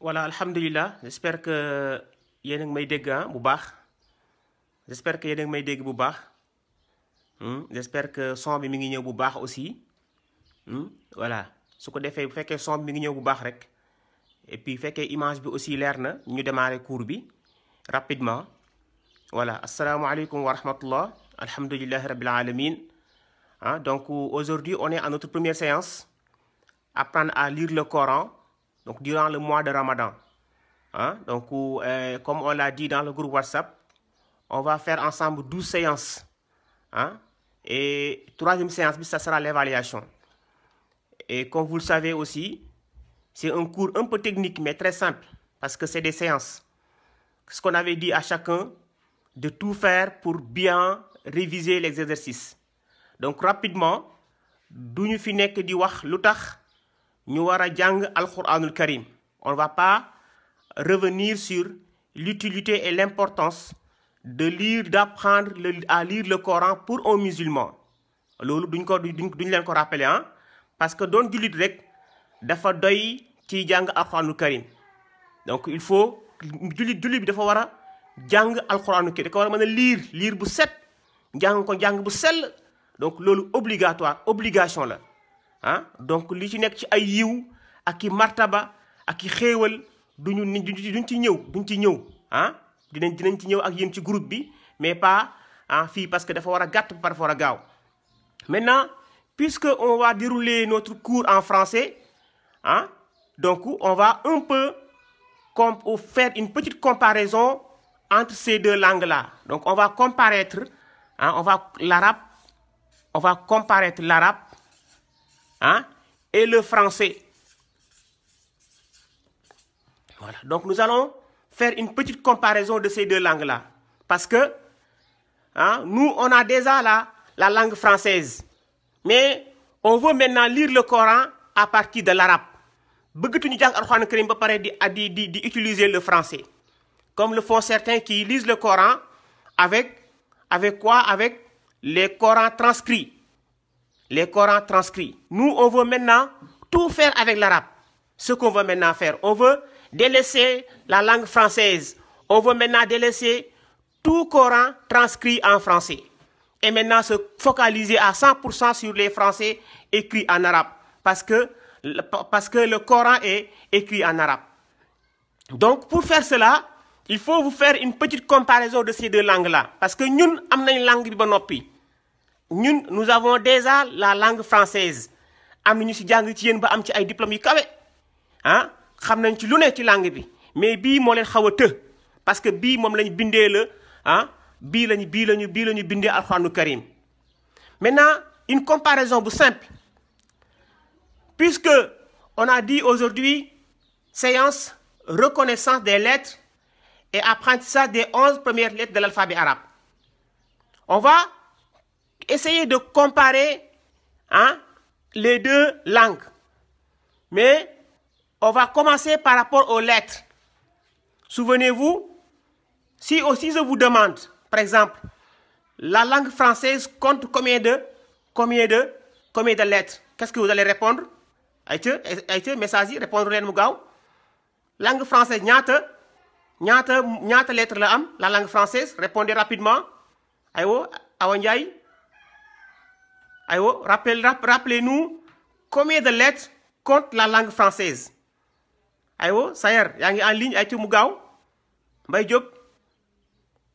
voilà alhamdulillah. j'espère que y a des may ah, boubach. j'espère que y a des may boubach. bu hmm? j'espère que son bi mi ngi aussi hmm? voilà ce que fait, fait, que son bi vous ngi bu et puis fait que l'image aussi nous nous ñu démarrer cours rapidement voilà assalamu alaykoum wa rahmatullah Alhamdulillah, rabbil alamin ah, donc aujourd'hui on est à notre première séance apprendre à lire le Coran donc durant le mois de Ramadan. Hein, donc, euh, comme on l'a dit dans le groupe WhatsApp, on va faire ensemble 12 séances. Hein? Et troisième séance, ça sera l'évaluation. Et comme vous le savez aussi, c'est un cours un peu technique, mais très simple, parce que c'est des séances. Ce qu'on avait dit à chacun, de tout faire pour bien réviser les exercices. Donc, rapidement, d'où nous finissons que dit, ñu wara jang jàng karim on va pas revenir sur l'utilité et l'importance de lire d'apprendre à lire le Coran pour un musulman loolu duñ ko duñ len ko rappeler hein. parce que don julit rek dafa doy ci jang alxuraanul karim donc il faut jullit jullit bi dafa wara jang jàng karim dafa wara a lire lire bu set jang ko jang bu sel donc loolu obligatoire obligation là ah donc li ci nek ci ay yiw ak martaba ak i xéewal duñu ni duñ ci ñew duñ ci ñew ah dinañ dinañ ci ñew ak yéen ci groupe bi mais pas ah fi parce que dafa wara gatt par rapport a gaaw maintenant puisque on va dérouler notre cours en français ah donc on va un peu comp faire une petite comparaison entre ces deux langues là donc on va comparer, ah on va l'arabe on va comparer l'arabe Hein? et le français. Voilà. Donc nous allons faire une petite comparaison de ces deux langues-là. Parce que hein, nous, on a déjà la, la langue française. Mais on veut maintenant lire le Coran à partir de l'arabe. utiliser le français comme le font certains qui lisent le Coran avec avec quoi avec les Corans transcrits les Corans transcrits. Nous, on veut maintenant tout faire avec l'arabe. Ce qu'on veut maintenant faire, on veut délaisser la langue française. On veut maintenant délaisser tout Coran transcrit en français. Et maintenant se focaliser à 100% sur les Français écrits en arabe. Parce que, parce que le Coran est écrit en arabe. Donc, pour faire cela, il faut vous faire une petite comparaison de ces deux langues-là. Parce que nous, avons une langue qui ñun nous avons déjà la langue française am avons ñu si ci yéen ba am ci ay diplômes yu kawé ah xam nañ ci lu ne ci langue bi mais bi mo leen xawa te parce que bi mom lañ bindee le ah bi lañ bi lañu bi lañu bindee ah, alcorane karim maintenant une comparaison bu simple puisque on a dit aujourd'hui séance reconnaissance des lettres et apprentissage des 11 premières lettres de l'alphabet arabe on va Essayez de comparer hein, les deux langues. Mais on va commencer par rapport aux lettres. Souvenez-vous, si aussi je vous demande, par exemple, la langue française compte combien de, combien de, combien de lettres Qu'est-ce que vous allez répondre messager répondre langue française ñaata ñaata ñaata lettre la la langue française répondez rapidement Awa Oh, rappelez-nous combien de lettres compte la langue française oh, Ça Sayer est, en ligne ay mugao,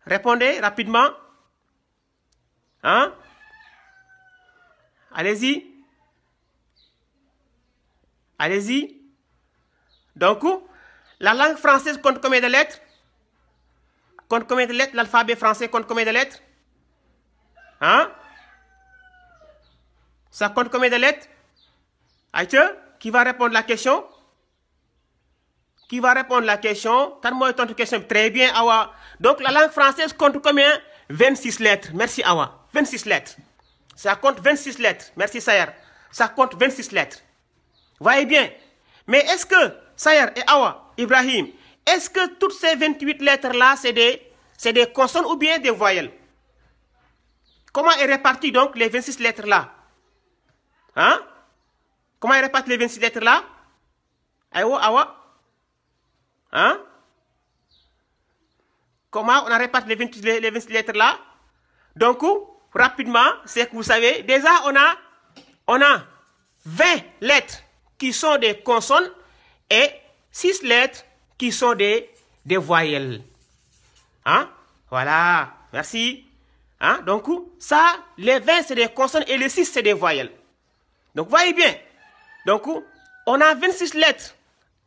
répondez rapidement Hein allez-y allez-y donc la langue française compte combien de lettres compte combien de lettres l'alphabet français compte combien de lettres hein ça compte combien de lettres Aïcha, qui va répondre la question Qui va répondre la question Quand moi, ton question. Très bien, Awa. Donc, la langue française compte combien 26 lettres. Merci, Awa. 26 lettres. Ça compte 26 lettres. Merci, Sayar. Ça compte 26 lettres. Voyez bien. Mais est-ce que Sayer et Awa, Ibrahim, est-ce que toutes ces 28 lettres-là, c'est des, des consonnes ou bien des voyelles Comment est répartie, donc les 26 lettres-là Hein Comment on répartent les 26 lettres là oh, oh. Hein Comment on a les 26, lettres là Donc, rapidement, c'est que vous savez, déjà on a, on a 20 lettres qui sont des consonnes et 6 lettres qui sont des, des voyelles. Hein? Voilà, merci. Hein? Donc, ça, les 20, c'est des consonnes et les 6, c'est des voyelles. Donc, voyez bien. Donc, on a 26 lettres.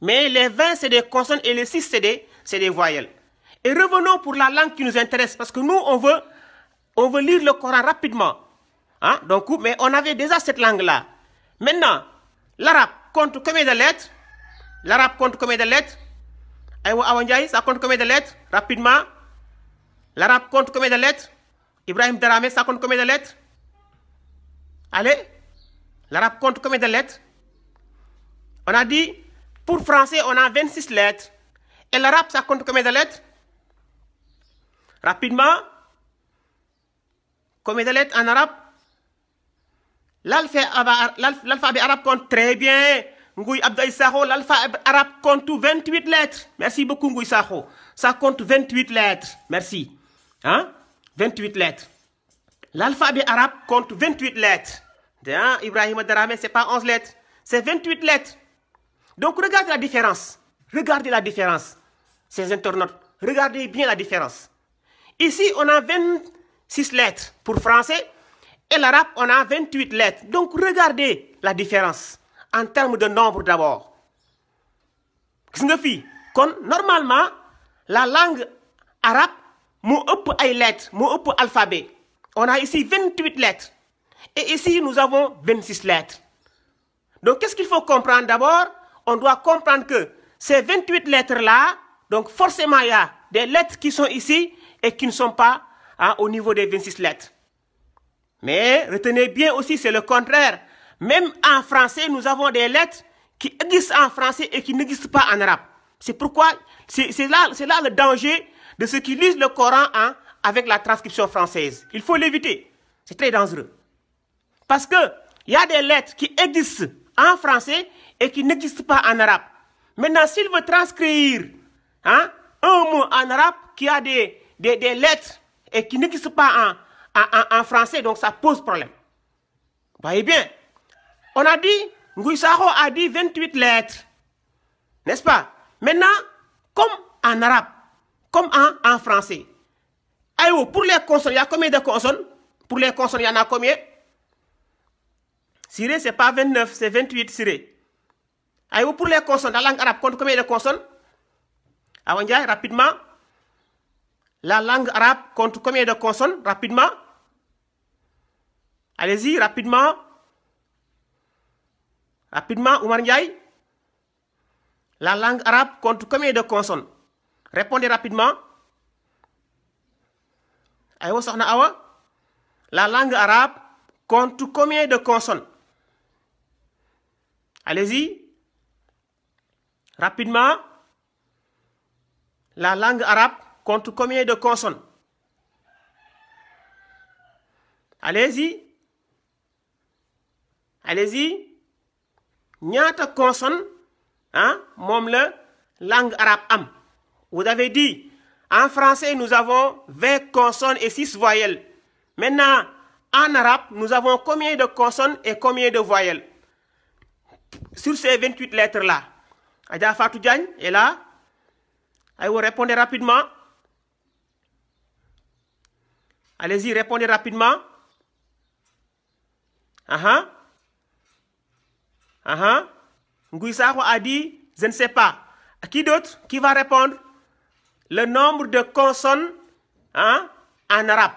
Mais les 20, c'est des consonnes et les 6, c'est des, voyelles. Et revenons pour la langue qui nous intéresse. Parce que nous, on veut, on veut lire le Coran rapidement. Hein? Donc, mais on avait déjà cette langue-là. Maintenant, l'arabe compte combien de lettres L'arabe compte combien de lettres ça compte combien de lettres Rapidement. L'arabe compte combien de lettres Ibrahim Darame, ça compte combien de lettres Allez L'arabe compte combien de lettres On a dit, pour français, on a 26 lettres. Et l'arabe, ça compte combien de lettres Rapidement, combien de lettres en arabe L'alphabet arabe compte très bien. Mgoui Abdoulaye l'alphabet arabe compte 28 lettres. Merci beaucoup Ngouy Saho. Ça compte 28 lettres. Merci. 28 hein? lettres. L'alphabet arabe compte 28 lettres. Hein, Ibrahim Adaramé, ce n'est pas 11 lettres, c'est 28 lettres. Donc regardez la différence. Regardez la différence, ces internautes. Regardez bien la différence. Ici, on a 26 lettres pour français et l'arabe, on a 28 lettres. Donc regardez la différence en termes de nombre d'abord. normalement la langue arabe lettres alphabet on a ici 28 lettres. Et ici, nous avons 26 lettres. Donc, qu'est-ce qu'il faut comprendre d'abord On doit comprendre que ces 28 lettres-là, donc forcément, il y a des lettres qui sont ici et qui ne sont pas hein, au niveau des 26 lettres. Mais retenez bien aussi, c'est le contraire. Même en français, nous avons des lettres qui existent en français et qui n'existent pas en arabe. C'est pourquoi, c'est là, le danger de ceux qui lisent le Coran hein, avec la transcription française. Il faut l'éviter. C'est très dangereux. Parce il y a des lettres qui existent en français et qui n'existent pas en arabe. Maintenant, s'il veut transcrire hein, un mot en arabe qui a des, lettres et qui n'existe pas en, français, donc ça pose problème. Voyez bien, on a dit, Nguissaro a dit 28 lettres, n'est-ce pas Maintenant, comme en arabe, comme en, français, pour les consonnes, il y a combien de consonnes Pour les consonnes, il y en a combien Siré, ce n'est pas 29, c'est 28 siré. Allez-vous pour les consonnes, la langue arabe compte combien de consonnes rapidement. La langue arabe compte combien de consonnes Rapidement. Allez-y, rapidement. Rapidement, Oumar La langue arabe compte combien de consonnes Répondez rapidement. Allez-vous Awa. La langue arabe compte combien de consonnes Allez-y. Rapidement. La langue arabe compte combien de consonnes Allez-y. Allez-y. ñaata consonne hein? mom langue arabe vous avez dit en français nous avons 20 consonnes et 6 voyelles maintenant en arabe nous avons combien de consonnes et combien de voyelles sur ces 28 lettres-là, Adja Fatou est là. Allez, vous répondez rapidement. Allez-y, répondez rapidement. Aha. Aha. Nguissaro a dit, je ne sais pas. qui d'autre Qui va répondre Le nombre de consonnes hein, en arabe.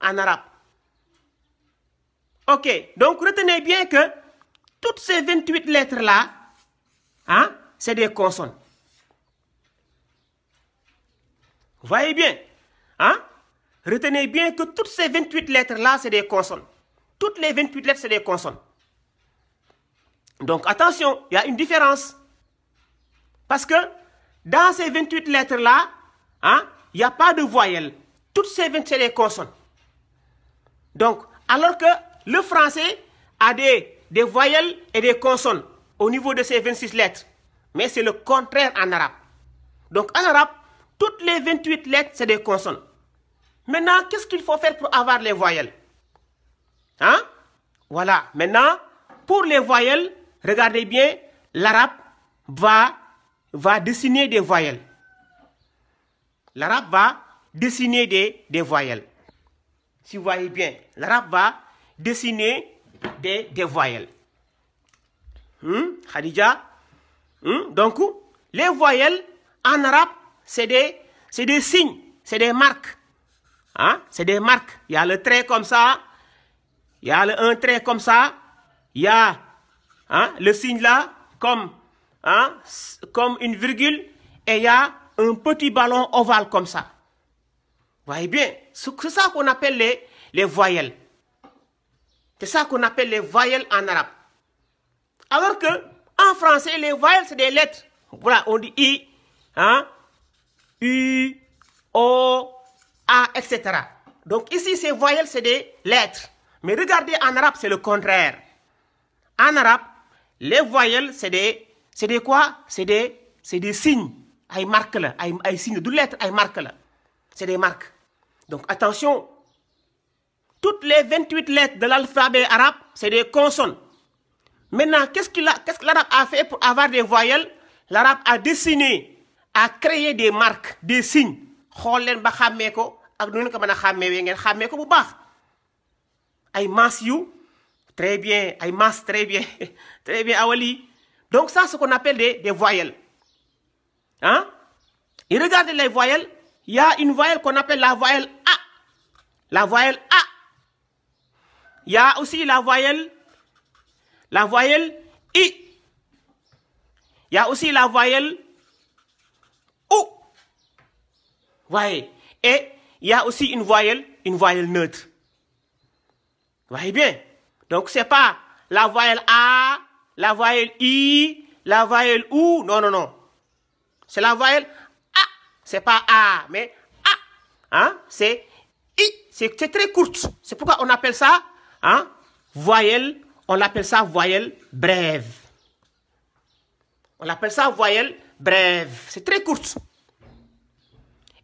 En arabe. Ok, donc retenez bien que toutes ces 28 lettres-là, hein, c'est des consonnes. voyez bien, hein? Retenez bien que toutes ces 28 lettres-là, c'est des consonnes. Toutes les 28 lettres, c'est des consonnes. Donc attention, il y a une différence. Parce que dans ces 28 lettres-là, hein, il n'y a pas de voyelle. Toutes ces 28, lettres, c'est des consonnes. Donc, alors que le français a des des voyelles et des consonnes au niveau de ces 26 lettres. Mais c'est le contraire en arabe. Donc en arabe, toutes les 28 lettres, c'est des consonnes. Maintenant, qu'est-ce qu'il faut faire pour avoir les voyelles Hein Voilà. Maintenant, pour les voyelles, regardez bien, l'arabe va, va dessiner des voyelles. L'arabe va dessiner des, des voyelles. Si vous voyez bien, l'arabe va dessiner des, des voyelles. Hum, Khadija hum, Donc, les voyelles en arabe, c'est des, des signes, c'est des marques. Hein? C'est des marques. Il y a le trait comme ça, il y a le, un trait comme ça, il y a hein, le signe là, comme, hein, comme une virgule, et il y a un petit ballon ovale comme ça. Vous voyez bien, c'est ça qu'on appelle les, les voyelles. C'est ça qu'on appelle les voyelles en arabe. Alors que en français, les voyelles, c'est des lettres. Voilà, on dit I, hein, U, O, A, etc. Donc ici, ces voyelles, c'est des lettres. Mais regardez, en arabe, c'est le contraire. En arabe, les voyelles, c'est des, c'est des quoi C'est des, c'est des signes. Ay marque là, ay, signe de lettres, ay marque là. C'est des marques. Donc attention, toutes les 28 lettres de l'alphabet arabe, c'est des consonnes. Maintenant, qu'est-ce que l'arabe a fait pour avoir des voyelles L'arabe a dessiné, a créé des marques, des signes. très bien très bien très bien donc ça c'est ce qu'on appelle des voyelles hein? et regardez les voyelles il y a une voyelle qu'on appelle la voyelle A la voyelle A il y a aussi la voyelle, la voyelle I. Il y a aussi la voyelle OU. Voyez. Et il y a aussi une voyelle, une voyelle neutre. Voyez bien. Donc, c'est pas la voyelle A, la voyelle I, la voyelle OU. Non, non, non. C'est la voyelle A. C'est pas A, mais A. Hein? C'est I. C'est très courte. C'est pourquoi on appelle ça Hein? Voyelle, on l'appelle ça voyelle brève. On l'appelle ça voyelle brève. C'est très courte.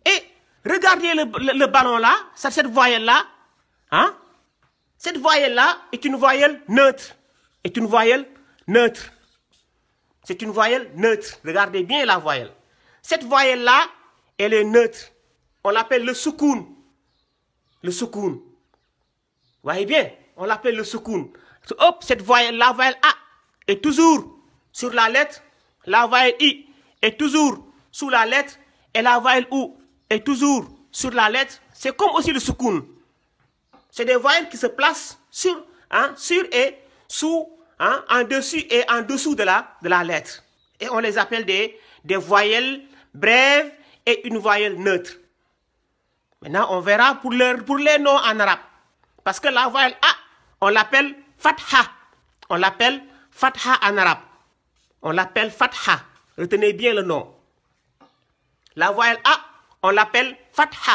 Et regardez le, ballon là, cette voyelle là. Hein? Cette voyelle là est une voyelle neutre. Est une voyelle neutre. C'est une voyelle neutre. Regardez bien la voyelle. Cette voyelle là, elle est neutre. On l'appelle le soukoun. Le soukoun. Voyez bien on l'appelle le soukoun. Hop, cette voyelle, la voyelle A est toujours sur la lettre, la voyelle I est toujours sous la lettre, et la voyelle U est toujours sur la lettre. C'est comme aussi le soukoun. C'est des voyelles qui se placent sur, hein, sur et sous, hein, en dessus et en dessous de la, de la lettre. Et on les appelle des, des voyelles brèves et une voyelle neutre. Maintenant, on verra pour, leur, pour les noms en arabe. Parce que la voyelle A on l'appelle fatha. On l'appelle fatha en arabe. On l'appelle fatha. Retenez bien le nom. La voyelle A, on l'appelle fatha.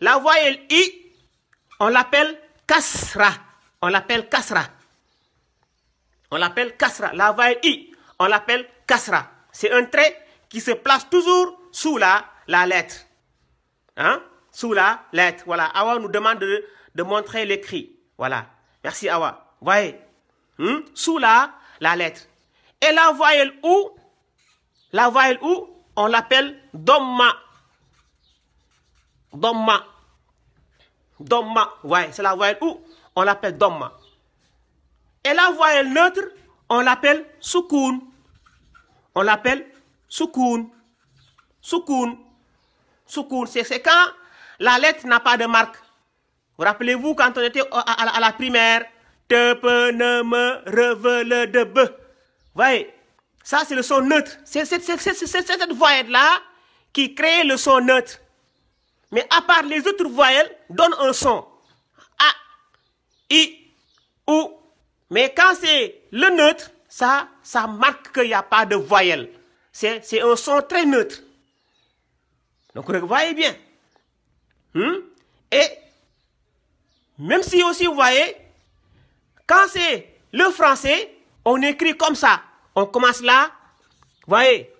La voyelle I, on l'appelle kasra. On l'appelle kasra. On l'appelle kasra. La voyelle I, on l'appelle kasra. C'est un trait qui se place toujours sous la, la lettre. Hein? Sous la lettre. Voilà. Awa nous demande de, de montrer l'écrit. Voilà. Merci Awa. Voyez. Hein? Sous la, la lettre. Et la voyelle où La voyelle où On l'appelle Domma. Domma. Domma. Voyez, c'est la voyelle où On l'appelle Domma. Et la voyelle neutre, on l'appelle Soukoun. On l'appelle Soukoun. Soukoun. Soukoun, c'est quand la lettre n'a pas de marque. Rappelez-vous quand on était à, la, primaire, te ne me revele de Voyez, ça c'est le son neutre. C'est cette voyelle-là qui crée le son neutre. Mais à part les autres voyelles, donne un son. A, I, OU. Mais quand c'est le neutre, ça, ça marque qu'il n'y a pas de voyelle. C'est un son très neutre. Donc, vous voyez bien. Hmm? Et même si aussi, vous voyez, quand c'est le français, on écrit comme ça. On commence là, vous voyez,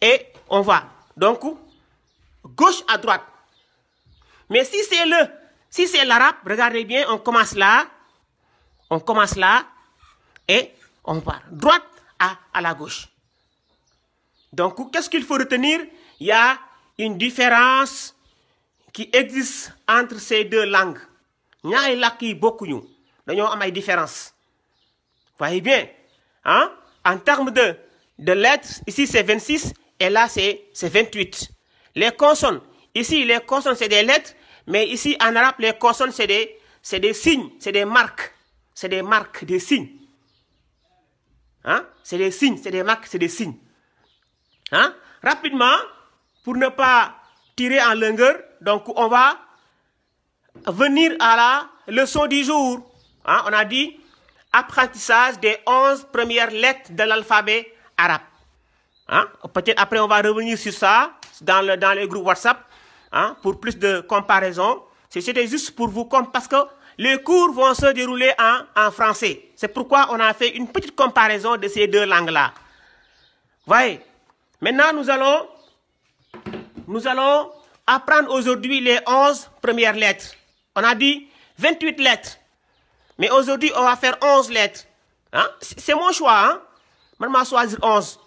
et on va. Donc, gauche à droite. Mais si c'est le, si c'est l'arabe, regardez bien, on commence là, on commence là, et on va. Droite à, à la gauche. Donc, qu'est-ce qu'il faut retenir Il y a une différence qui existe entre ces deux langues ñaari am ay différence voyez bien hein? en termes de de lettres ici c'est 26 et là c'est 28 les consonnes ici les consonnes c'est des lettres mais ici en arabe les consonnes c'est des signes c'est des marques c'est des marques des signes hein? c'est des signes c'est des marques c'est des signes hein? rapidement pour ne pas tirer en longueur donc on va venir à la leçon du jour. Hein, on a dit apprentissage des 11 premières lettres de l'alphabet arabe. Hein, peut-être après, on va revenir sur ça dans le, dans le groupe WhatsApp hein, pour plus de comparaison. C'était juste pour vous, parce que les cours vont se dérouler en, français. C'est pourquoi on a fait une petite comparaison de ces deux langues-là. Voyez, maintenant nous allons, nous allons apprendre aujourd'hui les 11 premières lettres. On a dit 28 lettres. Mais aujourd'hui, on va faire 11 lettres. Hein? C'est mon choix. Hein? Maintenant, on choisir 11.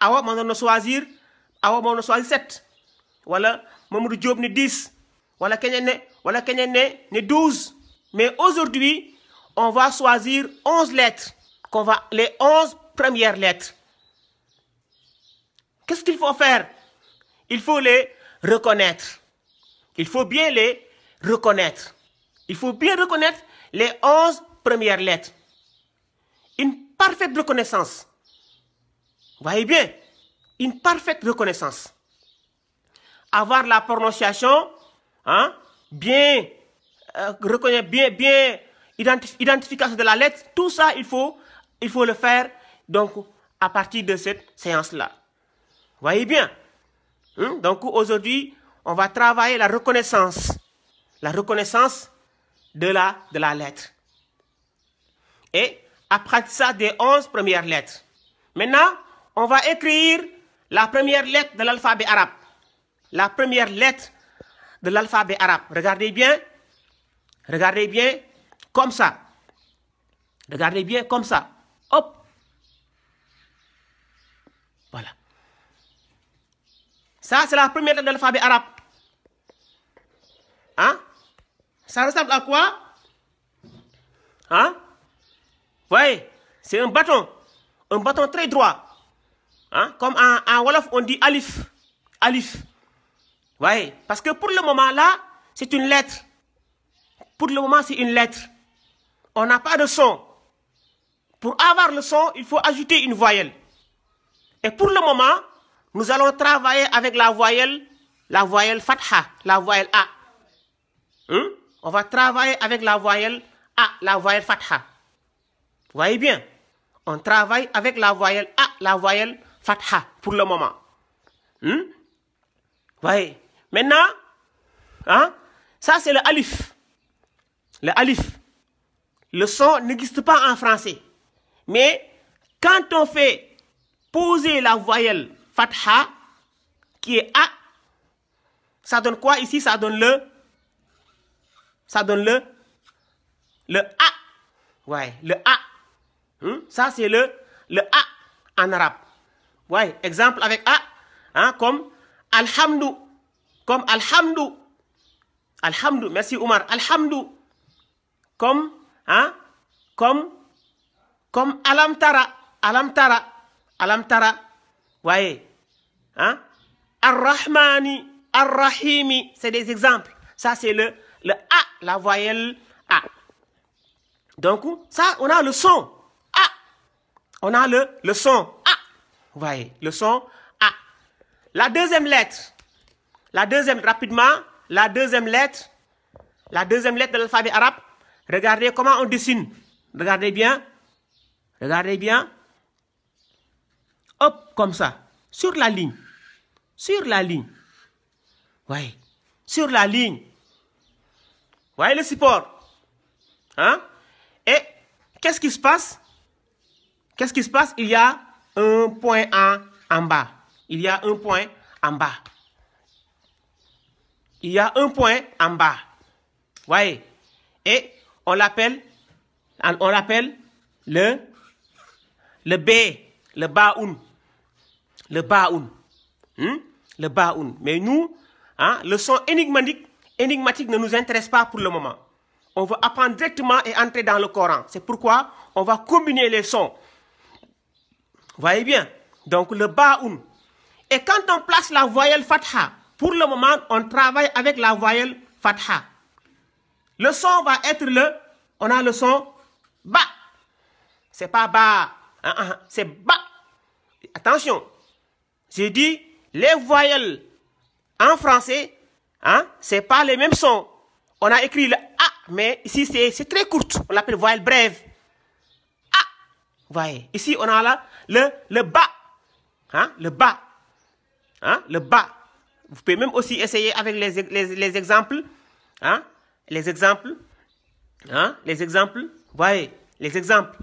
Awa, on va choisir, awa, on va choisir 7. Voilà, je ne 10. Voilà, ne. voilà, 12. Mais aujourd'hui, on va choisir 11 lettres. Qu'on va, les 11 premières lettres. Qu'est-ce qu'il faut faire Il faut les reconnaître. Il faut bien les reconnaître. Il faut bien reconnaître les onze premières lettres. Une parfaite reconnaissance. Voyez bien, une parfaite reconnaissance. Avoir la prononciation hein, bien, euh, reconnaître bien, bien identification de la lettre, tout ça, il faut, il faut le faire donc à partir de cette séance-là. Voyez bien. Hein, donc aujourd'hui, on va travailler la reconnaissance la reconnaissance de la, de la lettre. Et après ça, des onze premières lettres. Maintenant, on va écrire la première lettre de l'alphabet arabe. La première lettre de l'alphabet arabe. Regardez bien. Regardez bien comme ça. Regardez bien comme ça. Hop. Voilà. Ça, c'est la première lettre de l'alphabet arabe. Hein? Ça ressemble à quoi Hein Voyez, c'est un bâton. Un bâton très droit. Hein? Comme en, Wolof, on dit alif. Alif. Voyez, parce que pour le moment là, c'est une lettre. Pour le moment, c'est une lettre. On n'a pas de son. Pour avoir le son, il faut ajouter une voyelle. Et pour le moment, nous allons travailler avec la voyelle, la voyelle fatha, la voyelle A. Hein? on va travailler avec la voyelle A, la voyelle Fatha. Vous voyez bien On travaille avec la voyelle A, la voyelle Fatha pour le moment. Hmm? voyez Maintenant, hein? ça c'est le alif. Le alif. Le son n'existe pas en français. Mais quand on fait poser la voyelle Fatha, qui est A, ça donne quoi ici Ça donne le ça donne le, le A. Ouais, le A. Hein? Ça, c'est le, le A en arabe. Ouais, exemple avec A, hein, comme Alhamdou. Comme Alhamdou. Alhamdou, merci Omar. Alhamdou. Comme, hein, comme, comme Alamtara. Alamtara. Alamtara. Voyez. Hein? Ar-Rahmani. Ar-Rahimi. C'est des exemples. Ça, c'est le, le A la voyelle A. Donc, ça, on a le son A. On a le, le son A. Vous voyez, le son A. La deuxième lettre, la deuxième, rapidement, la deuxième lettre, la deuxième lettre de l'alphabet arabe, regardez comment on dessine. Regardez bien. Regardez bien. Hop, comme ça. Sur la ligne. Sur la ligne. Oui. Sur la ligne voyez le support. Hein? Et qu'est-ce qui se passe Qu'est-ce qui se passe Il y a un point en, bas. Il y a un point en bas. Il y a un point en bas. Voyez Et on l'appelle on l'appelle le le B, le baoun. Le baoun. Hmm? Le baoun. Mais nous, hein, le son énigmatique énigmatique ne nous intéresse pas pour le moment. On veut apprendre directement et entrer dans le Coran. C'est pourquoi on va combiner les sons. Voyez bien Donc le Baoun. Et quand on place la voyelle fatha, pour le moment, on travaille avec la voyelle fatha. Le son va être le... On a le son ba. C'est pas ba. Ah, ah, ah. C'est ba. Attention. J'ai dit les voyelles en français Hein? C'est pas les mêmes sons. On a écrit le A, mais ici c'est très courte. On l'appelle voyelle brève. A. Vous voyez. Ici on a là le, le bas. Hein? Le bas. Hein? Le bas. Vous pouvez même aussi essayer avec les, exemples. Hein? Les exemples. Hein? Les exemples. voyez. Les exemples.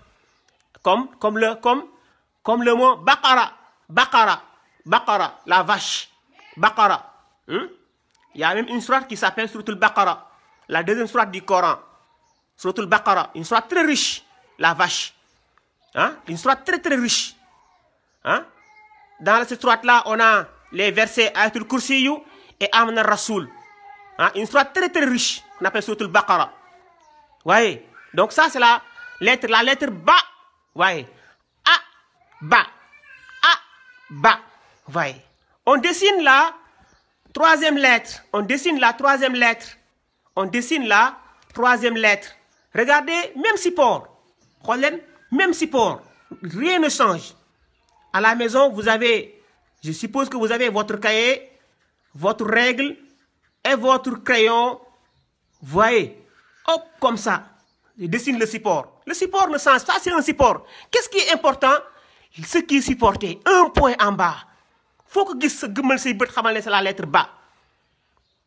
Comme, comme, le, comme, comme le mot bakara. Bakara. Bakara. La vache. Bakara. Hein? Il y a même une sourate qui s'appelle le Baqara, la deuxième sourate du Coran. le Baqara, une sourate très riche, la vache. Hein? Une sourate très très riche. Hein? Dans cette sourate-là, on a les versets Ayatul Kursiyu et Amna Rasoul. Hein? Une sourate très très riche, qu'on appelle Bakara. Baqara. Voyez? Donc ça, c'est la lettre, la lettre Ba. Voyez? A, Ba. A, Ba. Voyez? On dessine là Troisième lettre. On dessine la troisième lettre. On dessine la troisième lettre. Regardez, même support. Même support. Rien ne change. À la maison, vous avez, je suppose que vous avez votre cahier, votre règle et votre crayon. Voyez, hop, comme ça. Je dessine le support. Le support ne change pas, c'est un support. Qu'est-ce qui est important Ce qui est supporté, un point en bas. Il faut que sa gëmmal say la lettre ba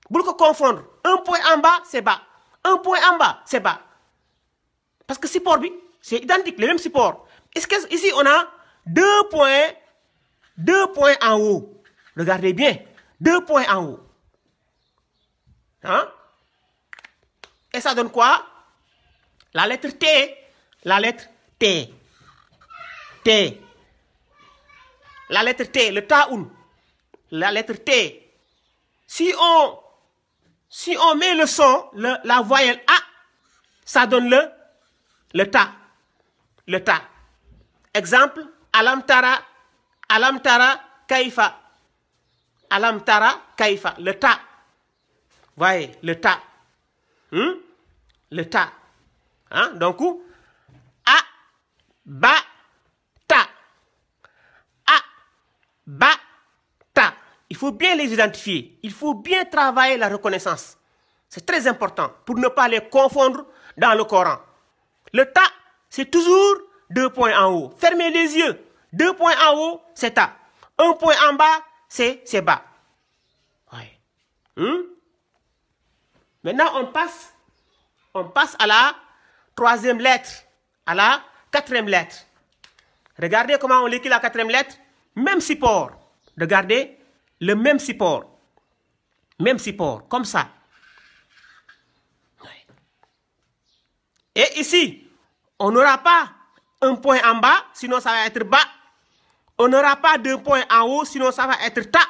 bul ko confondre un point en bas c'est bas un point en bas c'est bas parce que support bi c'est identique le même support est-ce que ici on a deux points deux points en haut regardez bien deux points en haut hein et ça donne quoi la lettre T la lettre T T la lettre T, le taoun. La lettre T. Si on, si on met le son, la voyelle A, ça donne le, le ta. Le ta. Exemple, Alam tara. Alam tara. kaifa. Alam tara. kaifa. Le ta. Voyez, le ta. Hmm? Le ta. Hein? Donc, A, ba, ta, Il faut bien les identifier. Il faut bien travailler la reconnaissance. C'est très important pour ne pas les confondre dans le Coran. Le ta, c'est toujours deux points en haut. Fermez les yeux. Deux points en haut, c'est ta. Un point en bas, c'est bas. Hein? Maintenant, on passe, on passe à la troisième lettre, à la quatrième lettre. Regardez comment on l'écrit la quatrième lettre même support. Regardez, le même support. Même support, comme ça. Et ici, on n'aura pas un point en bas, sinon ça va être bas. On n'aura pas deux points en haut, sinon ça va être ta.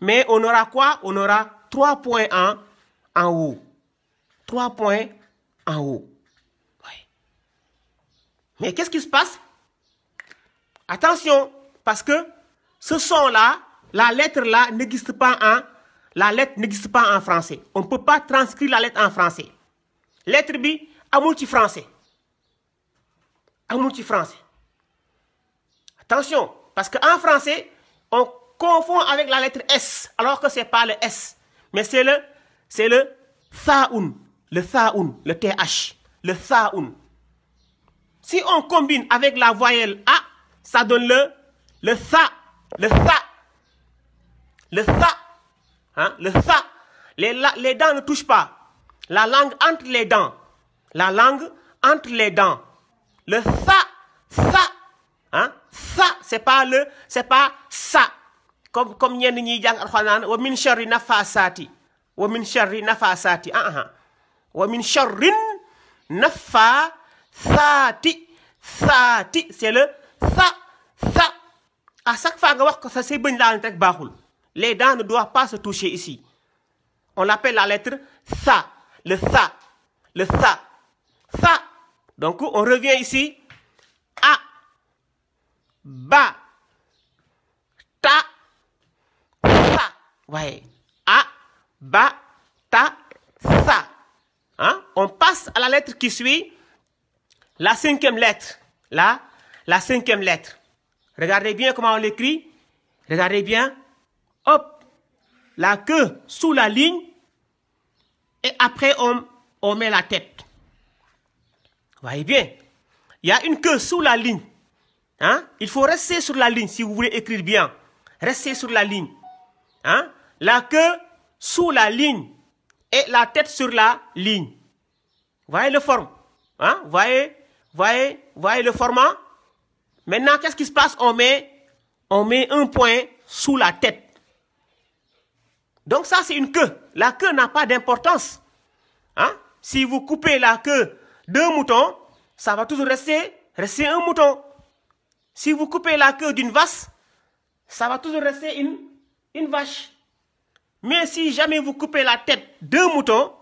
Mais on aura quoi On aura trois points en, haut. Trois points en haut. Mais qu'est-ce qui se passe Attention parce que ce son-là, la lettre-là n'existe pas en... La lettre n'existe pas en français. On ne peut pas transcrire la lettre en français. Lettre B à français. À français. Attention, parce qu'en français, on confond avec la lettre S, alors que ce n'est pas le S. Mais c'est le, c'est le Thaoun, le Thaoun, le TH, le Thaoun. Si on combine avec la voyelle A, ça donne le le ça, le ça, le ça, hein, le ça, les, les dents ne touchent pas. La langue entre les dents. La langue entre les dents. Le ça, ça, hein, ça, c'est pas le, c'est pas ça. Comme, comme ni al khanan wa min min ah, ah. min c'est le ça ça à chaque fois que vous les dents ne doivent pas se toucher ici on l'appelle la lettre ça. le ça. le ça. Ça. donc on revient ici a ba ta Ça. Ouais, a ba ta Ça. on passe à la lettre qui suit la cinquième lettre Là, la cinquième lettre Regardez bien comment on l'écrit. Regardez bien. Hop, la queue sous la ligne. Et après, on, on met la tête. Voyez bien. Il y a une queue sous la ligne. Hein? Il faut rester sur la ligne si vous voulez écrire bien. Restez sur la ligne. Hein? La queue sous la ligne et la tête sur la ligne. Voyez le forme. Hein? Voyez, voyez, voyez le format. Maintenant, qu'est-ce qui se passe On met, on met un point sous la tête. Donc ça, c'est une queue. La queue n'a pas d'importance. Hein? Si vous coupez la queue d'un mouton, ça va toujours rester, rester un mouton. Si vous coupez la queue d'une vache, ça va toujours rester une, vache. Mais si jamais vous coupez la tête d'un mouton,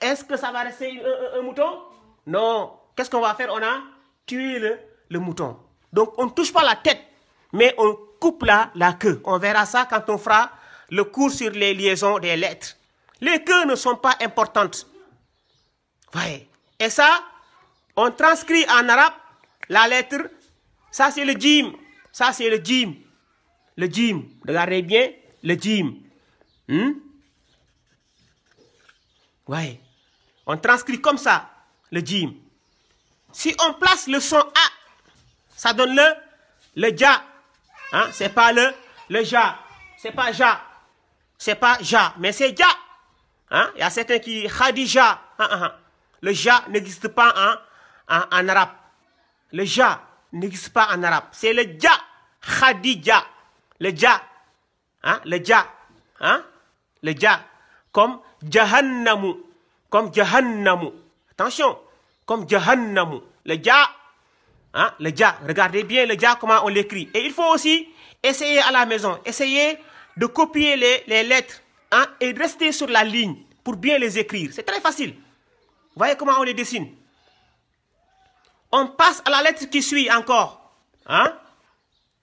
est-ce que ça va rester un, mouton Non. Qu'est-ce qu'on va faire On a tué le mouton. Donc on ne touche pas la tête, mais on coupe là la queue. On verra ça quand on fera le cours sur les liaisons des lettres. Les queues ne sont pas importantes. Ouais. Et ça, on transcrit en arabe la lettre. Ça, c'est le jim. Ça, c'est le jim. Le jim. Regardez bien. Le jim. Hum? Ouais. On transcrit comme ça le jim. Si on place le son A ça donne le, le ja. Hein? C'est pas le, le ja. C'est pas ja. C'est pas ja, mais c'est ja. Hein? Il y a certains qui, khadija. Ah, ah, ah. Le ja n'existe pas en, en, arabe. Le ja n'existe pas en arabe. C'est le ja. Khadija. Le ja. Hein? Le ja. Hein? Le ja. Comme jahannamu. Comme jahannamu. Attention. Comme jahannamu. Le ja. Hein? Le dia, regardez bien le dia, comment on l'écrit. Et il faut aussi essayer à la maison, essayer de copier les, lettres hein, et de rester sur la ligne pour bien les écrire. C'est très facile. Voyez comment on les dessine. On passe à la lettre qui suit encore. Hein?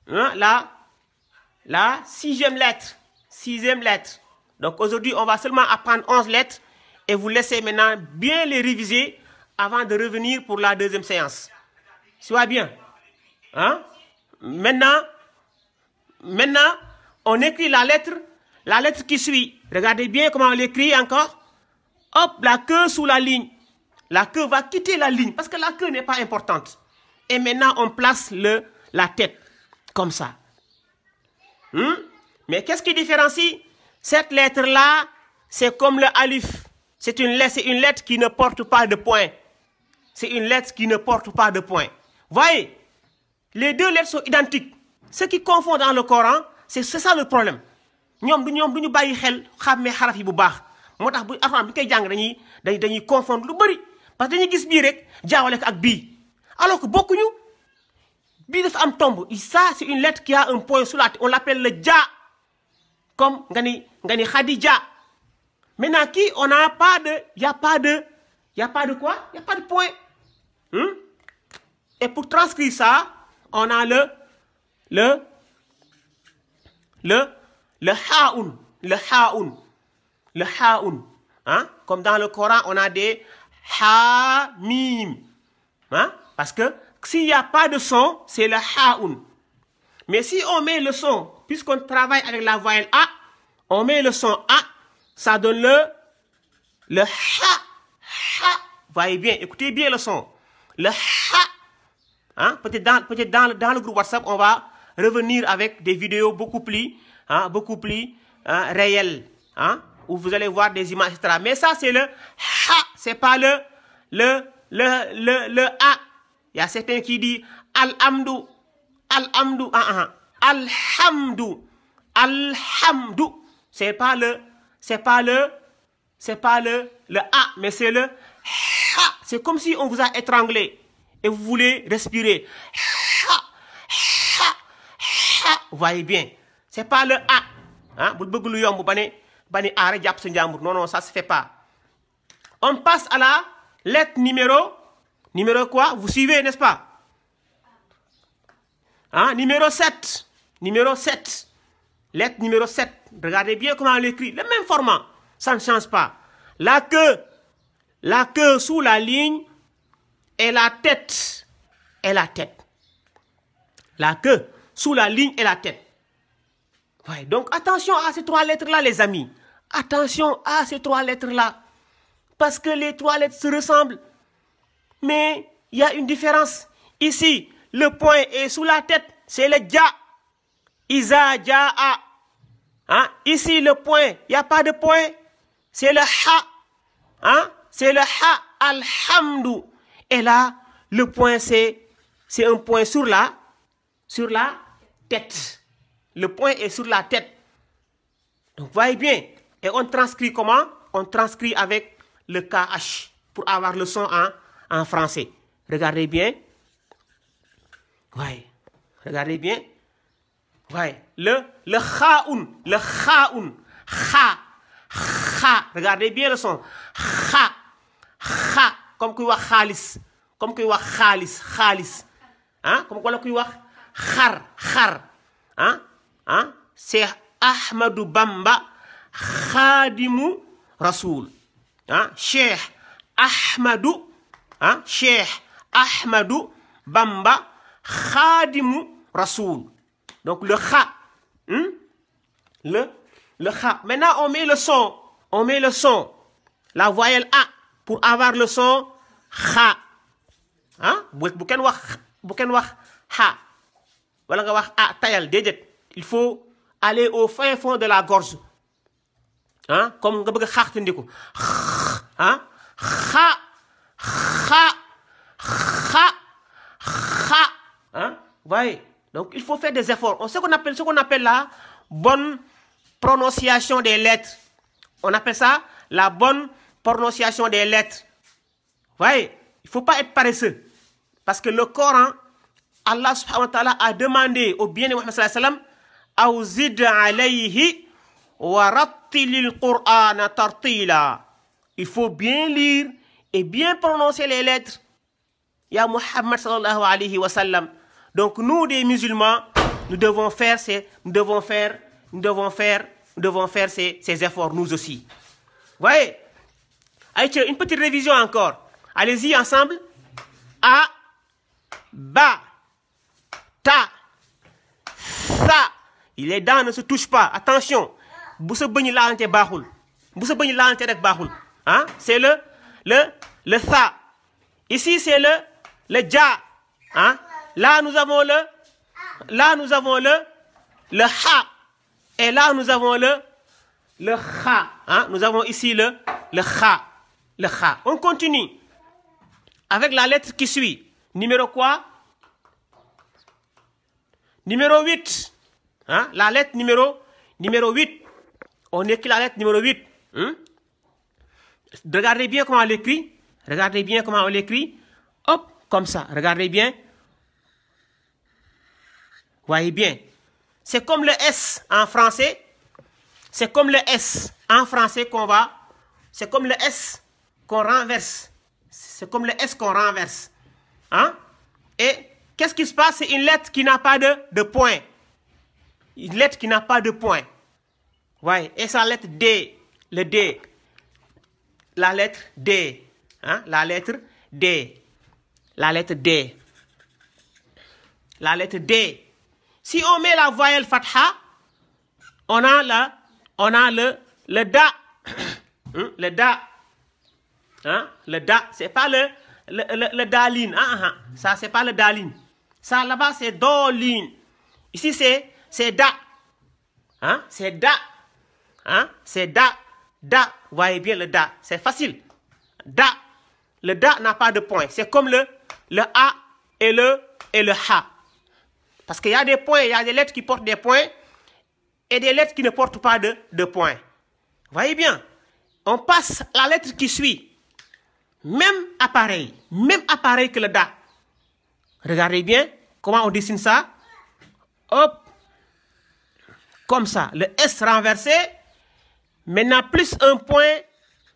hein? La, sixième lettre. Sixième lettre. Donc aujourd'hui, on va seulement apprendre 11 lettres et vous laissez maintenant bien les réviser avant de revenir pour la deuxième séance. Sois bien. Hein? Maintenant, maintenant, on écrit la lettre, la lettre qui suit. Regardez bien comment on l'écrit encore. Hop, la queue sous la ligne. La queue va quitter la ligne parce que la queue n'est pas importante. Et maintenant, on place le, la tête comme ça. Hmm? Mais qu'est-ce qui différencie cette lettre-là C'est comme le alif. C'est une, une lettre qui ne porte pas de point. C'est une lettre qui ne porte pas de point. Voyez, les deux lettres sont identiques. Ce qui confond dans le Coran, c'est ça le problème. ñoom du ñoom du ñu bàyyi xel xàmmee xaraf yi bu baax moo tax bu alxuraan bi koy jàng dañuy confondre lu parce que gis bii rek alors que beaucoup bii dafa am Et ça c'est une lettre qui a un point sur la on l'appelle le ja comme Gani ni Khadija mais naki on n'a pas de y a pas de y a pas de quoi y a pas de point. Hmm? Et pour transcrire ça, on a le, le, le, le haoun, le haoun, le haoun. Hein? Comme dans le Coran, on a des mim, Hein? Parce que s'il n'y a pas de son, c'est le haoun. Mais si on met le son, puisqu'on travaille avec la voyelle A, on met le son A, ça donne le, le ha, ha. Voyez bien, écoutez bien le son. Le ha, Hein? Peut-être dans, peut dans, dans, le groupe WhatsApp, on va revenir avec des vidéos beaucoup plus, hein, beaucoup plus hein, réelles. Où vous allez voir des images, etc. Mais ça, c'est le ha. C'est pas le, le, le, le, le a. Il y a certains qui disent al ah, ah, ah. alhamdou », al hamdu Uh al al C'est pas le, c'est pas le, c'est pas le, le a, mais c'est le ha. C'est comme si on vous a étranglé et vous voulez respirer. Voyez bien, c'est pas le A. Hein? Vous voulez yomb, bané, bané, Non, non, ça se fait pas. On passe à la lettre numéro, numéro quoi? Vous suivez, n'est-ce pas? Hein? Numéro 7. Numéro 7. Lettre numéro 7. Regardez bien comment on l'écrit. Le même format. Ça ne change pas. La queue. La queue sous la ligne et la tête. Et la tête. La queue, sous la ligne et la tête. Ouais, donc attention à ces trois lettres-là, les amis. Attention à ces trois lettres-là. Parce que les trois lettres se ressemblent. Mais il y a une différence. Ici, le point est sous la tête. C'est le ja. Isa, dja, Ici, le point, il n'y a pas de point. C'est le ha. Hein? C'est le ha. Alhamdou. Et là, le point, c'est, c'est un point sur la, sur la tête. Le point est sur la tête. Donc, voyez bien. Et on transcrit comment On transcrit avec le KH pour avoir le son en, français. Regardez bien. Oui. Regardez bien. Ouais. Le, le khaoun. Le khaoun. Kha. Kha. Regardez bien le son. Kha comme kuy wax Khalis. comme kuy wax Khalis. khalis ah comme wala kuy wax khar khar ah, ah Cheikh Ahmadou Bamba Khadimou Rasoul. hein ah, Cheikh Ahmadou hein Cheikh Ahmadou Bamba Khadimou Rasoul. donc le Kha. hein? Hmm? le le kha maintenant on met le son on met le son la voyelle A pour avoir le son kha hein bu ken wax bu ken wax xa wala nga wax a ah, tayal dedet il faut aller au fin fond de la gorge hein, comme nga bëgg a kha hein, kha kha kha hein voyez donc il faut faire des efforts on sait qu'on appelle ce qu'on appelle la bonne prononciation des lettres on appelle ça la bonne prononciation des lettres. Voyez, il ne faut pas être paresseux. Parce que le Coran, Allah subhanahu wa ta'ala a demandé au bien de Muhammad sallallahu alayhi alayhi wa rattilil Quran tartila. Il faut bien lire et bien prononcer les lettres. Ya Muhammad sallallahu alayhi wa sallam. Donc nous, des musulmans, nous devons faire ces, nous devons faire, nous devons faire, nous devons faire ces, ces efforts, nous aussi. Voyez une petite révision encore. Allez-y ensemble. A, ba, ta, sa. Les dents ne se touche pas. Attention. Vous Vous vous la Hein? C'est le, le, le sa. Ici, c'est le, le ja. Hein? Là, nous avons le, là, nous avons le, le ha. Et là, nous avons le, le ha. Hein? Nous avons ici le, le ha. On continue avec la lettre qui suit. Numéro quoi Numéro 8. Hein? La lettre numéro, numéro 8. On écrit la lettre numéro 8. Hein? Regardez bien comment on l'écrit. Regardez bien comment on l'écrit. Hop, comme ça. Regardez bien. Voyez bien. C'est comme le S en français. C'est comme le S en français qu'on va. C'est comme le S qu'on renverse. C'est comme le S qu'on renverse. Hein? Et qu'est-ce qui se passe C'est une lettre qui n'a pas de, point. Une lettre qui n'a pas de point. Ouais. Et sa lettre D, le D. La lettre D. Hein? La lettre D. La lettre D. La lettre D. Si on met la voyelle fatha, on a, la, on a le, le da. Hein? Le da. Hein? Le da, c'est pas le, le, le, daline. Hein, Ça, c'est pas le daline. Ça, là-bas, c'est doline. Ici, c'est, c'est da. Hein? C'est da. Hein? C'est da. Da. Vous voyez bien le da. C'est facile. Da. Le da n'a pas de point. C'est comme le, le a et le, et le ha. Parce qu'il y a des points, il y a des lettres qui portent des points et des lettres qui ne portent pas de, de points. Voyez bien. On passe la lettre qui suit même appareil, même appareil que le DA. Regardez bien comment on dessine ça. Hop, comme ça, le S renversé. Maintenant, plus un point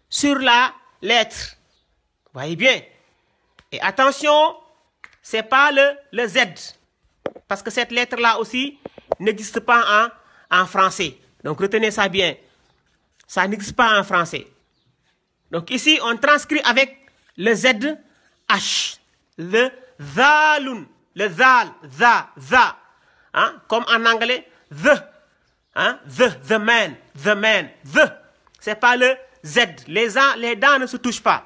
sur la lettre. Voyez bien. Et attention, c'est pas le, le Z. Parce que cette lettre-là aussi n'existe pas en, en français. Donc, retenez ça bien. Ça n'existe pas en français. Donc ici, on transcrit avec le Z, H. Le zalun. Le zal, za, za. Hein, comme en anglais, the. Hein, the, the man, the man, the. C'est pas le Z. Les, dents, les dents ne se touchent pas.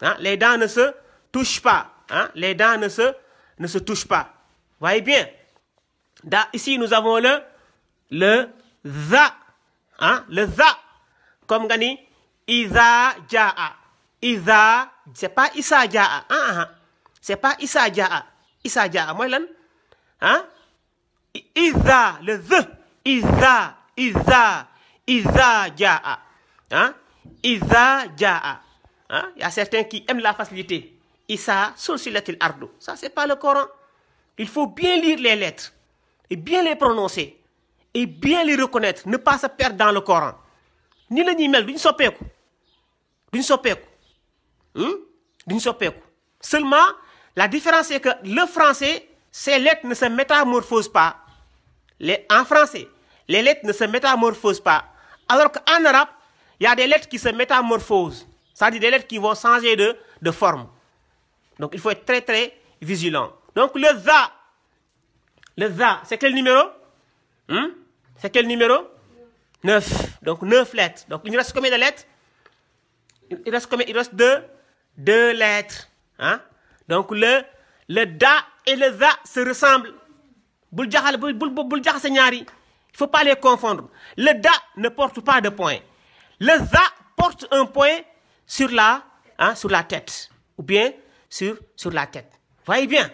Hein, les dents ne se touchent pas. Les dents ne se, ne se touchent pas. Voyez bien. ici, nous avons le, le za. Le za. Comme Gani, Iza Jaa. Iza, c'est pas Isa Jaa. Ah, ah, ah. c'est pas Isa Jaa. Isa Jaa, moi, là. Hein? Iza, le Z. Iza, Iza, Iza Jaa. Hein? Iza Jaa. Hein? Il y a certains qui aiment la facilité. Issa, il ardo. Ça, c'est pas le Coran. Il faut bien lire les lettres et bien les prononcer et bien les reconnaître, ne pas se perdre dans le Coran. Ni le ni mel, ni d'une hmm? seulement la différence est que le français ces lettres ne se métamorphosent pas en français les lettres ne se métamorphosent pas alors qu'en arabe il y a des lettres qui se métamorphosent c'est-à-dire des lettres qui vont changer de de forme donc il faut être très très vigilant donc le za le za c'est quel numéro hmm? c'est quel numéro 9 donc 9 lettres donc il nous reste combien de lettres il reste deux, lettres. Hein? Donc le, le da et le za se ressemblent. Il ne faut pas les confondre. Le da ne porte pas de point. Le za porte un point sur la, hein, sur la tête. Ou bien sur, sur la tête. Voyez bien.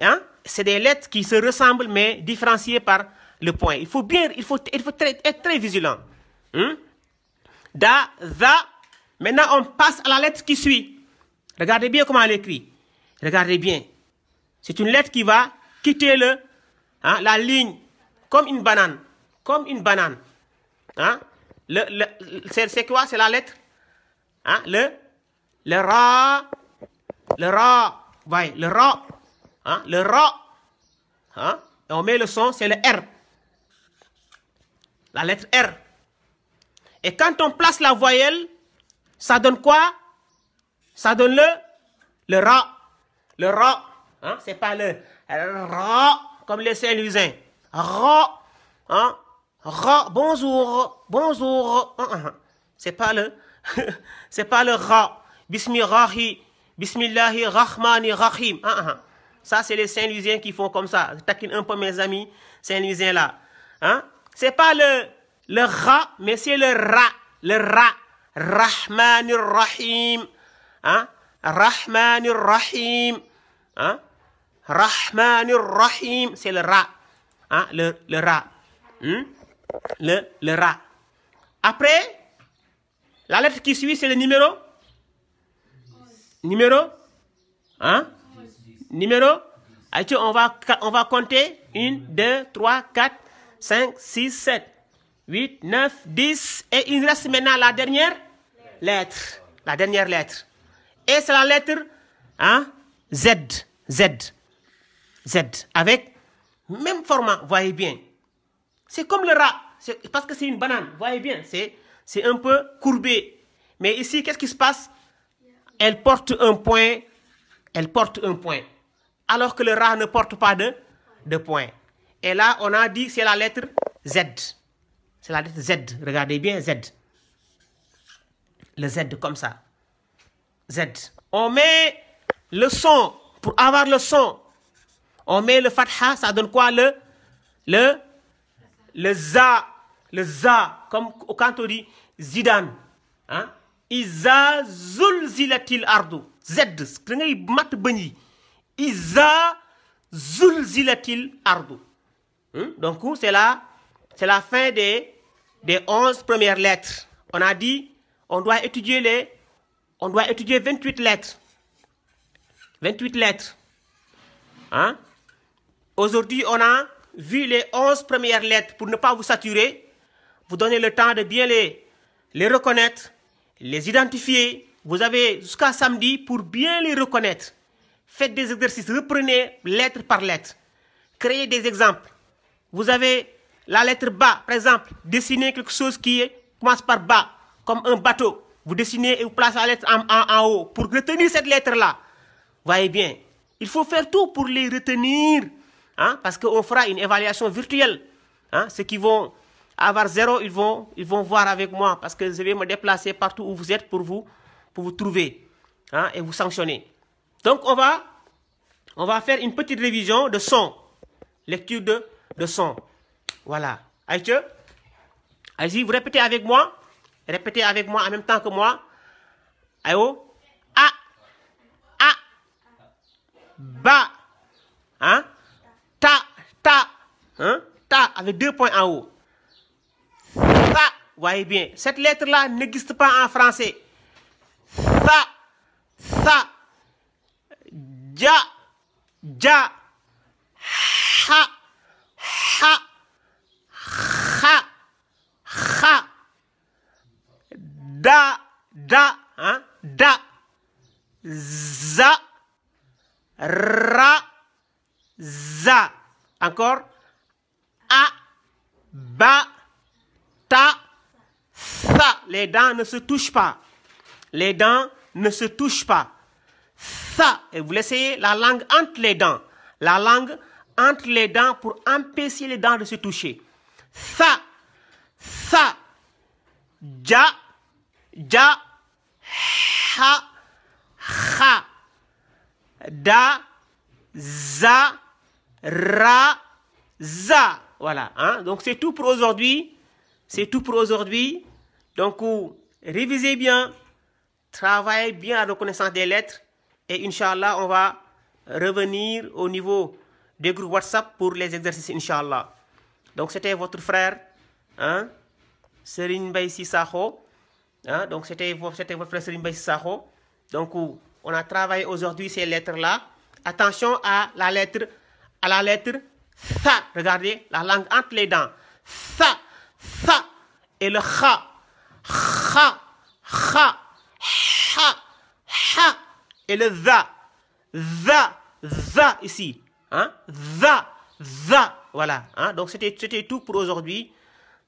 Hein? C'est des lettres qui se ressemblent mais différenciées par le point. Il faut bien, il faut, être très vigilant. Hein? Da, za, Maintenant, on passe à la lettre qui suit. Regardez bien comment elle écrite. Regardez bien. C'est une lettre qui va quitter le, hein, la ligne comme une banane. Comme une banane. Hein? c'est quoi C'est la lettre hein? Le, le ra. Le ra. le ra. Le ra. Et on met le son, c'est le R. La lettre R. Et quand on place la voyelle, ça donne quoi Ça donne le le ra. Le ra. Hein? C'est pas le ra comme les Saint-Louisiens. Ra. Hein? Ra. Bonjour. Bonjour. Hein, hein, hein. C'est pas le c'est pas le ra. Bismillahi. Bismillahi Rahmani Rahim. Ça, c'est les Saint-Louisiens qui font comme ça. Je taquine un peu mes amis Saint-Louisiens là. Hein? C'est pas le, le ra, mais c'est le rat. Le ra. Rahman rahim hein rahim hein rahim c'est le rat. Hein? le le hmm? le le après la lettre qui suit c'est le numéro numéro hein? numéro on va on va compter 1 2 3 4 5 6 7 8 9 10 et il reste maintenant la dernière lettre, la dernière lettre. Et c'est la lettre hein, Z, Z, Z, avec même format, voyez bien. C'est comme le rat, parce que c'est une banane, voyez bien, c'est un peu courbé. Mais ici, qu'est-ce qui se passe Elle porte un point, elle porte un point. Alors que le rat ne porte pas de, de point. Et là, on a dit c'est la lettre Z. C'est la lettre Z, regardez bien Z le Z comme ça. Z. On met le son pour avoir le son. On met le fatha, ça donne quoi le le le za, le za comme quand on dit Zidane, hein? Iza zulzilatil ardu. Z, Iza zulzilatil ardu. Hmm? Donc c'est la c'est la fin des des onze premières lettres. On a dit on doit étudier les, on doit étudier 28 lettres. 28 lettres. Hein? Aujourd'hui, on a vu les 11 premières lettres pour ne pas vous saturer, vous donnez le temps de bien les, les reconnaître, les identifier. Vous avez jusqu'à samedi pour bien les reconnaître. Faites des exercices, reprenez lettre par lettre. Créez des exemples. Vous avez la lettre bas, par exemple, dessinez quelque chose qui commence par bas comme un bateau. Vous dessinez et vous placez la lettre en, en, haut pour retenir cette lettre-là. Voyez bien, il faut faire tout pour les retenir. Hein, parce qu'on fera une évaluation virtuelle. Hein, ceux qui vont avoir zéro, ils vont, ils vont voir avec moi parce que je vais me déplacer partout où vous êtes pour vous, pour vous trouver hein, et vous sanctionner. Donc, on va, on va faire une petite révision de son, lecture de, de son. Voilà. Aïe, allez-y, vous répétez avec moi. Répétez avec moi en même temps que moi. Ayo. A. A. Ba. Hein? Ta. Ta. Hein? Ta avec deux points en haut. Vous Voyez bien. Cette lettre-là n'existe pas en français. Ça. Ça. Ja. Ja. Ha. Ha. ha. da, da, hein, da, za, ra, za. Encore, a, ba, ta, sa. Les dents ne se touchent pas. Les dents ne se touchent pas. Ça, et vous laissez la langue entre les dents. La langue entre les dents pour empêcher les dents de se toucher. Ça, ça, ja, ja ha ha da za ra za voilà hein. donc c'est tout pour aujourd'hui c'est tout pour aujourd'hui donc révisez bien travaillez bien à la reconnaissance des lettres et Inch'Allah, on va revenir au niveau des groupes WhatsApp pour les exercices, Inch'Allah. Donc, c'était votre frère, hein, Serine Baïsi Saho. Hein? Donc, c'était votre frère Serimbay Saho. Donc, on a travaillé aujourd'hui ces lettres-là. Attention à la lettre, à la lettre Regardez, la langue entre les dents. Ça, ça. Et le kha. Kha, kha, ha, Kha Et le za. Za, za ici. Hein? Za, za. Voilà. Hein? Donc, c'était tout pour aujourd'hui.